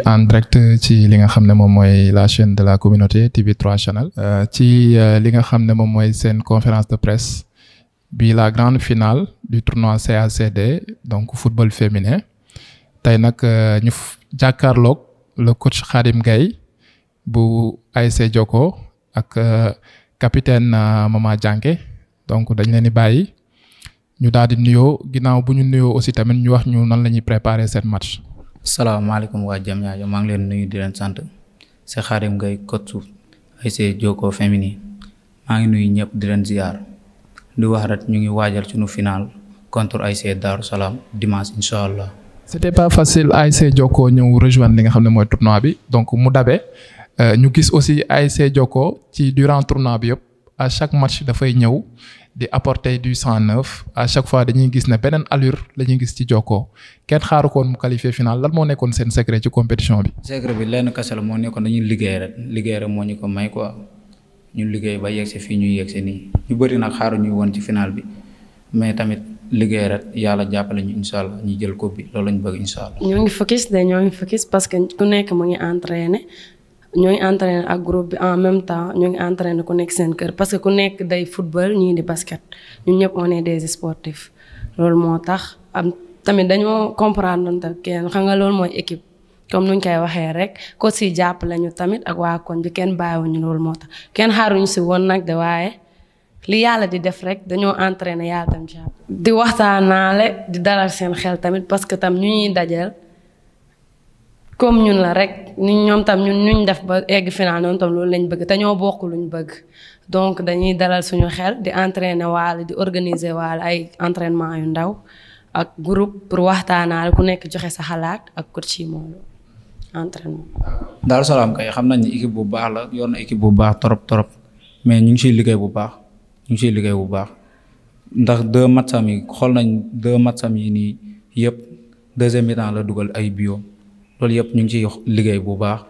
en direct ci li nga xam ne moom mooy la chaîne de la communauté TV3 Channel. Euh, ci euh, li nga xam ne moom mooy seen conférence de presse bi la grande finale du tournoi CACD donc football féminin tey nag euh, ñu jàkkaarloog le coach Khadim Gaye bu ASC Joko ak capitaine Mama Dianké donc dañ leen di bàyyi ñu daal di nuyoo ginnaaw bu ñu nuyoo aussi tamit ñu wax ñu nan la ñuy préparer seen match. salaamaaleykum waa jam ñaajo maa ngi leen nuyu di leen sant si Xaadim Gay kot suuf ay see Joko Femini maa ngi nuyu ñëpp di leen ziar di wax rek ñu ngi waajal suñu final contre ay see Daaru Salaam dimanche incha allah. c'était pas facile ay see Joko ñëw rejoindre li nga xam ne mooy tournoi bi donc mu dabe euh, ñu gis aussi ay see Joko ci durant tournoi bi yëpp. à chaque match dafay ñëw di apporter du sang neuf à chaque fois dañuy gis ne beneen allure la gis ci jokkoo kenn xaaru koon mu qualifié final lan moo nekkoon seen secret ci compétition bi. secret bi lenn kese moo nekkoon dañuy liggéey rek moo ñu ko may quoi ñu liggéey ba yegg si fii ñu yegg si nii ñu bëri nag xaaru ñu woon ci final bi mais tamit liggéey rek yàlla jàppale ñu incha ñu jël coupe bi loolu la ñu bëgg incha ñoo ngi focus de ñoo ñoo ngi entraîné ak groupe bi en même temps ñoo ngi entraîné ku nekk seen kër parce que ku nekk day football ñii di basket ñu ñëpp on est des sportifs loolu moo tax am tamit dañoo comprendre doon kenn xam nga loolu mooy équipe comme nuñ koy waxee rek ko si jàppale ñu tamit ak waa koñ bi kenn bàyyiwuñu loolu moo tax kenn xaaruñu si woon nag de waaye li yàlla di def rek dañoo entraîné yàlla tam jàpp di waxtaanaale di dalal seen xel tamit parce que tam ñu ñuy dajal comme ñun la rek ni ñoom tam ñun ñu def ba egg final ñoom tam loolu lañ bëgg te ñoo bokk luñ bëgg donc dañuy dalal suñu xel di entraîner waale di organiser waale ay entraînement yu ndaw ak groupe pour waxtaanaal ku nekk joxe sa xalaat ak kur ci moom entraînement. Daaru Salaam kay xam nañ ni bu baax la yor na équipe bu baax trop trop mais ñu ngi siy liggéey bu baax ñu ngi liggéey bu baax ndax deux matchs yi xool nañ deux matchs yi nii yëpp deuxième mi-temps la dugal ay bio. loolu yëpp ñu ngi ciy liggéey bu baax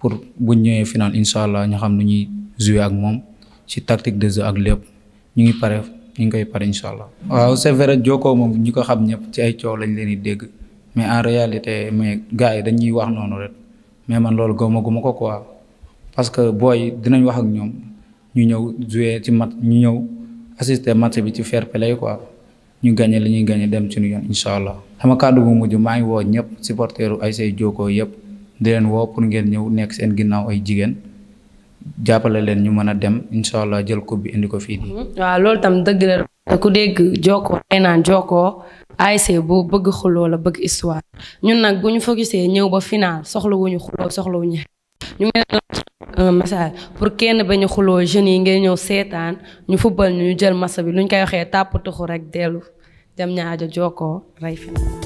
pour buñ ñëwee final incha allah ñu xam nu ñuy jouer ak moom ci tactique de jeu ak lépp ñu ngi pare ñu ngi koy pare incha allah. waaw c'est vrai jokkoo moom ñu ko xam ñëpp ci ay coow lañ leen di dégg mais en réalité mais gars yi dañuy wax noonu rek mais man loolu gëmma guma ko quoi parce que booy dinañ wax ak ñoom ñu ñëw jouer ci mat ñu ñëw assister match bi ci fair play quoi. ñu gagné li ñuy gagné dem suñu yoon incha allah. sama kàddu bu mujj maa ngi woo ñëpp supporteru ay say jokkoo yëpp di leen woo pour ngeen ñëw nekk seen ginnaaw ay jigéen. jàppale leen ñu mën a dem incha jël coupe bi indi ko fii. Mhm. waaw loolu tam dëgg la ku dégg jokkoo ay naan jokkoo ASC bu bëgg xuloo la bëgg histoire ñun nag bu ñu focusé ñëw ba final soxla wu ñu xuloo soxla wu ñu ñu pour kenn bañ a xuloo jeunes yi ngay ñëw seetaan ñu football ñu jël jam ñaajo jokkoo Rayfina